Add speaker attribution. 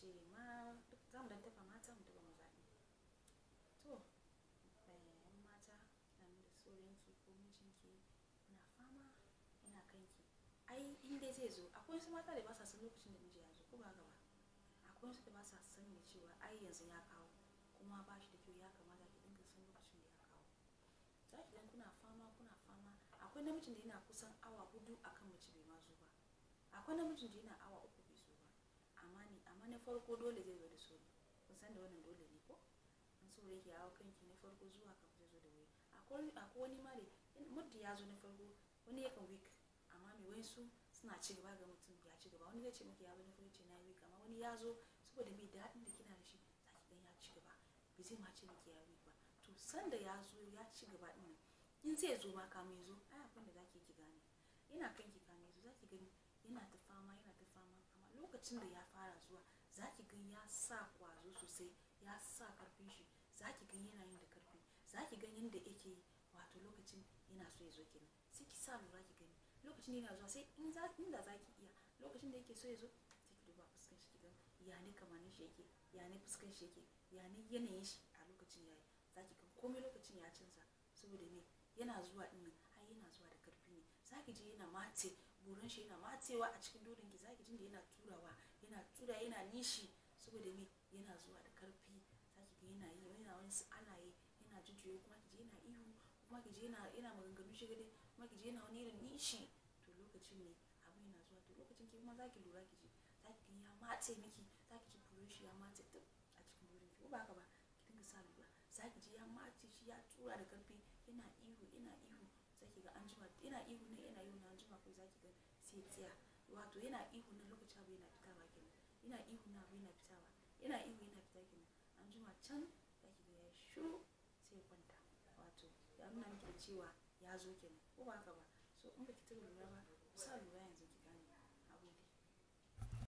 Speaker 1: ce ma duk za mu dan tafa mata mu tafa maza ne to bayan mata nan da ko na fama ina ai in dai zai zo akwai wasu mata da ba sa san lokacin da miji ya zo ko ba gaba akwai wasu da ba sa cewa ai yanzu ya kawo kuma ba shi da kyau ya kamata ki dinga san lokacin da ya kawo za ki dan kuna fama kuna fama akwai namijin da yana kusan awa hudu akan mace bai ma zo ba akwai namijin da yana awa uku farko dole zai zo da sauri kun san da wannan dole ne ko in so da yake kanki na farko zuwa kan zai zo da wuri akwai wani ma ya zo na farko wani yakan week amma mai wasu suna ci gaba ga mutum ya ci gaba wani zai ce miki ya zo na ce na amma wani ya zo saboda mai daɗin da kina da shi za ki ya ci gaba bai zai ma ce ya ba to sanda ya zo ya ci gaba din in zai zo ma kame zo ai abin da zaki ki gane yana kanki kame zo zaki gani yana ta fama yana ta fama amma lokacin da ya fara zuwa sa kwazo sosai ya sa karfin shi za ki gan yana yin da karfi za ki gan yadda yake yi wato lokacin yana so ya zo nan sai ki sa lura ki gani lokacin yana zuwa sai in inda za ki iya lokacin da yake so ya zo sai ki duba fuskan shi ki gan ya ne kamanin shi yake ya ne fuskan shi yake ya ne yanayin shi a lokacin yi za ki gan komai lokacin ya canza saboda me yana zuwa din ai yana zuwa da karfi ne za ki je yana mace shi yana matewa a cikin dodon ki za ki jin yana turawa yana tura yana nishi saboda me yana zuwa da karfi saki ga yana yi yana wani ana yi yana kuma ki je yana ihu kuma ki je yana yana maganganu shi gade kuma ki je yana wani irin nishi to lokacin ne abu yana zuwa to lokacin ki kuma zaki lura ki je zaki ga ya mace miki zaki ji burin shi ya mace duk a cikin burin ki ba haka ba ki dinga sa lura zaki ji ya shi ya tura da karfi yana ihu yana ihu zaki ga an jima yana ihu ne yana ihu na an jima zaki ga sai wato yana ihu na lokacin abu yana fitawa kenan yana ihu na abu yana fitawa yana ihu yana fita kenan an jima can da ki ga shu sai ya kwanta wato ya nuna miki cewa ya zo kenan ko ba haka ba so in baki ta lura ba sa lura yanzu